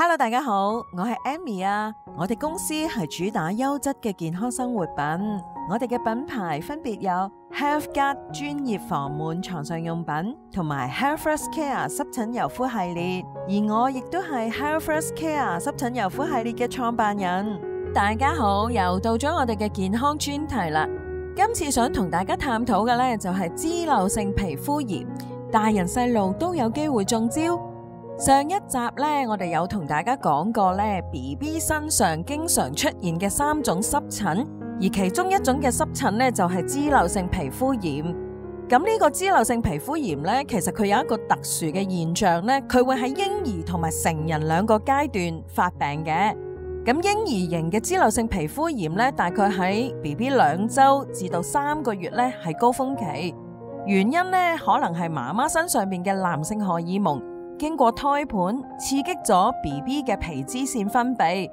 Hello，大家好，我係 Amy 啊，我哋公司係主打優質嘅健康生活品，我哋嘅品牌分別有 Health Guard 專業防蟎床上用品同埋 Health First Care 濕疹柔膚系列，而我亦都係 Health First Care 濕疹柔膚系列嘅創辦人。大家好，又到咗我哋嘅健康專題啦，今次想同大家探討嘅呢，就係脂漏性皮膚炎，大人細路都有機會中招。上一集咧，我哋有同大家講過咧，B B 身上經常出現嘅三種濕疹，而其中一種嘅濕疹咧就係脂漏性皮膚炎。咁呢個脂漏性皮膚炎咧，其實佢有一個特殊嘅現象咧，佢會喺嬰兒同埋成人兩個階段發病嘅。咁嬰兒型嘅脂漏性皮膚炎咧，大概喺 B B 兩周至到三個月咧係高峰期，原因咧可能係媽媽身上邊嘅男性荷爾蒙。經過胎盤刺激咗 BB 嘅皮脂腺分泌，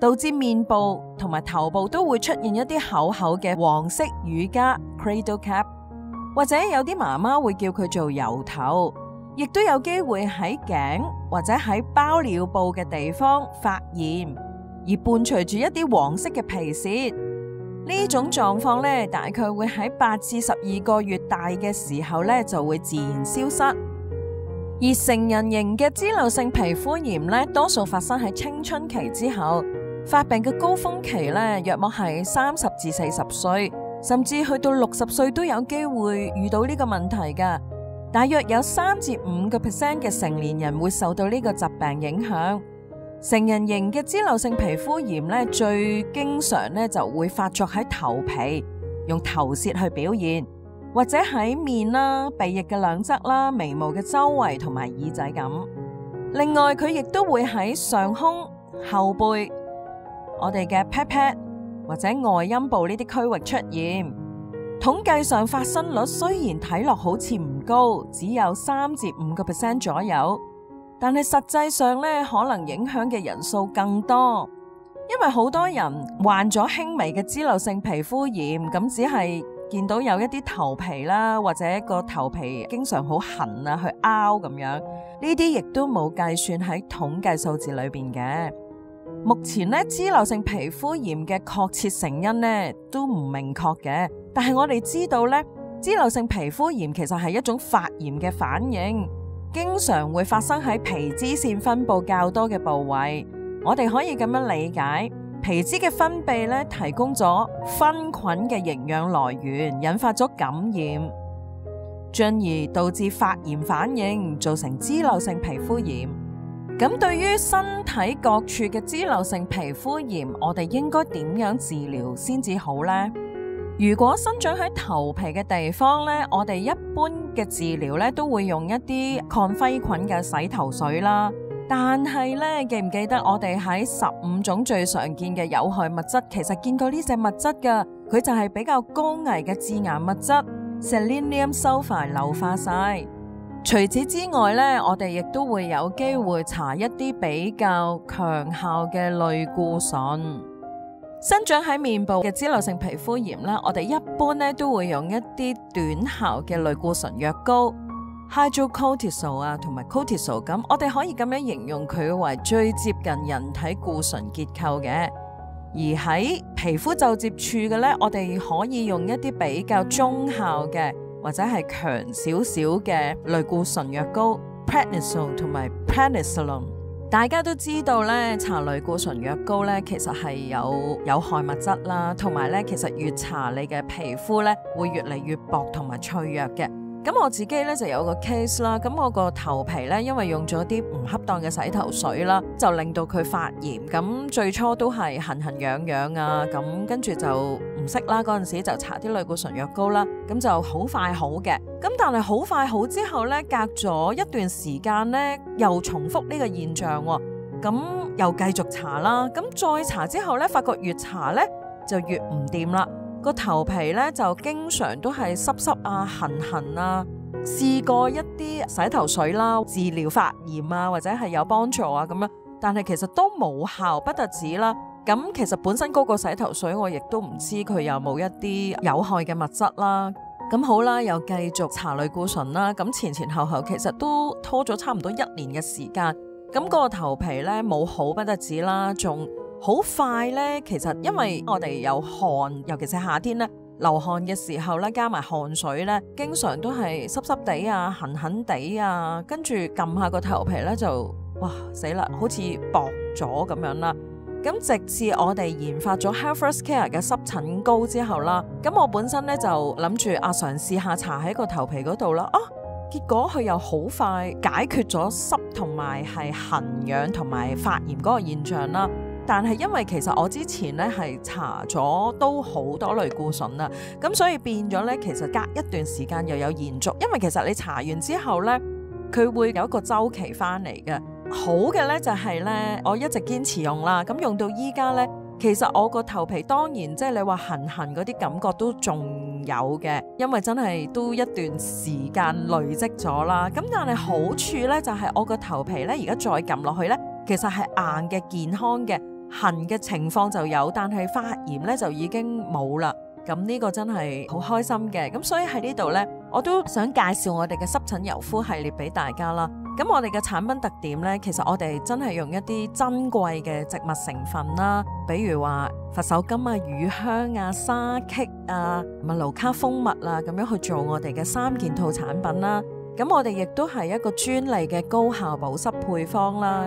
導致面部同埋頭部都會出現一啲厚厚嘅黃色乳痂 （Cradle Cap），或者有啲媽媽會叫佢做油頭，亦都有機會喺頸或者喺包尿布嘅地方發炎，而伴隨住一啲黃色嘅皮屑。呢種狀況咧，大概會喺八至十二個月大嘅時候咧就會自然消失。而成人型嘅脂漏性皮膚炎咧，多數發生喺青春期之後，發病嘅高峰期咧，約莫係三十至四十歲，甚至去到六十歲都有機會遇到呢個問題㗎。大約有三至五個 percent 嘅成年人會受到呢個疾病影響。成人型嘅脂漏性皮膚炎咧，最經常咧就會發作喺頭皮，用頭屑去表現。或者喺面啦、鼻翼嘅兩側啦、眉毛嘅周圍同埋耳仔咁。另外，佢亦都會喺上胸、後背、我哋嘅 pat pat 或者外陰部呢啲區域出現。統計上發生率雖然睇落好似唔高，只有三至五個 percent 左右，但係實際上咧可能影響嘅人數更多，因為好多人患咗輕微嘅脂漏性皮膚炎，咁只係，見到有一啲頭皮啦，或者個頭皮經常好痕啊，去凹咁樣，呢啲亦都冇計算喺統計數字裏邊嘅。目前呢，脂漏性皮膚炎嘅確切成因呢都唔明確嘅，但係我哋知道呢，脂漏性皮膚炎其實係一種發炎嘅反應，經常會發生喺皮脂腺分布較多嘅部位。我哋可以咁樣理解。皮脂嘅分泌咧，提供咗黴菌嘅營養來源，引發咗感染，進而導致發炎反應，造成脂漏性皮膚炎。咁對於身體各處嘅脂漏性皮膚炎，我哋應該點樣治療先至好呢？如果生長喺頭皮嘅地方咧，我哋一般嘅治療咧，都會用一啲抗黴菌嘅洗頭水啦。但係咧，記唔記得我哋喺十五種最常見嘅有害物質，其實見過呢隻物質噶？佢就係比較高危嘅致癌物質 ——Selenium Sulfide 硫化硒。除此之外咧，我哋亦都會有機會搽一啲比較強效嘅類固醇。生長喺面部嘅脂漏性皮膚炎咧，我哋一般咧都會用一啲短效嘅類固醇藥膏。hydrocortisone 啊，同埋 cortisone，咁我哋可以咁樣形容佢為最接近人體固醇結構嘅。而喺皮膚就接觸嘅咧，我哋可以用一啲比較中效嘅，或者係強少少嘅類固醇藥膏 prednisone 同埋 prednisolone。大家都知道咧，搽類固醇藥膏咧，其實係有有害物質啦，同埋咧，其實越搽你嘅皮膚咧，會越嚟越薄同埋脆弱嘅。咁我自己咧就有個 case 啦，咁我個頭皮咧，因為用咗啲唔恰當嘅洗頭水啦，就令到佢發炎。咁最初都係痕痕癢癢啊，咁跟住就唔識啦。嗰陣時就搽啲類固醇藥膏啦，咁就好快好嘅。咁但係好快好之後咧，隔咗一段時間咧，又重複呢個現象喎啊。咁又繼續搽啦，咁再搽之後咧，發覺越搽咧就越唔掂啦。個頭皮咧就經常都係濕濕啊、痕痕啊，試過一啲洗頭水啦、治療發炎啊，或者係有幫助啊咁樣，但係其實都冇效，不得止啦。咁其實本身嗰個洗頭水我亦都唔知佢有冇一啲有害嘅物質啦。咁好啦，又繼續查類固醇啦。咁前前後後其實都拖咗差唔多一年嘅時間。咁個頭皮咧冇好不得止啦，仲。好快咧，其實因為我哋有汗，尤其是夏天咧流汗嘅時候咧，加埋汗水咧，經常都係濕濕地啊、痕痕地啊，跟住撳下個頭皮咧就哇死啦，好似薄咗咁樣啦。咁直至我哋研發咗 Health First Care 嘅濕疹膏之後啦，咁我本身咧就諗住啊嘗試下搽喺個頭皮嗰度啦。啊，結果佢又好快解決咗濕同埋係痕癢同埋發炎嗰個現象啦。但係因為其實我之前咧係搽咗都好多類固醇啦，咁所以變咗咧其實隔一段時間又有延續，因為其實你搽完之後咧，佢會有一個周期翻嚟嘅。好嘅咧就係咧，我一直堅持用啦，咁用到依家咧，其實我個頭皮當然即係你話痕痕嗰啲感覺都仲有嘅，因為真係都一段時間累積咗啦。咁但係好處咧就係我個頭皮咧而家再撳落去咧，其實係硬嘅、健康嘅。痕嘅情況就有，但係發炎咧就已經冇啦。咁呢個真係好開心嘅。咁所以喺呢度呢，我都想介紹我哋嘅濕疹柔膚系列俾大家啦。咁我哋嘅產品特點呢，其實我哋真係用一啲珍貴嘅植物成分啦，比如話佛手柑啊、乳香啊、沙棘啊、麥盧卡蜂蜂蜜啦，咁樣去做我哋嘅三件套產品啦。咁我哋亦都係一個專利嘅高效保濕配方啦。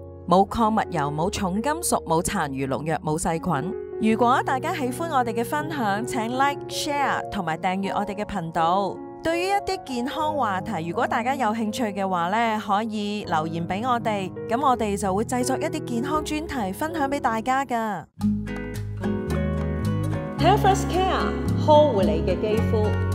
冇礦物油、冇重金屬、冇殘餘農藥、冇細菌。如果大家喜歡我哋嘅分享，請 like、share 同埋訂閱我哋嘅頻道。對於一啲健康話題，如果大家有興趣嘅話咧，可以留言俾我哋，咁我哋就會製作一啲健康專題分享俾大家㗎。Health1stcare 呵護你嘅肌膚。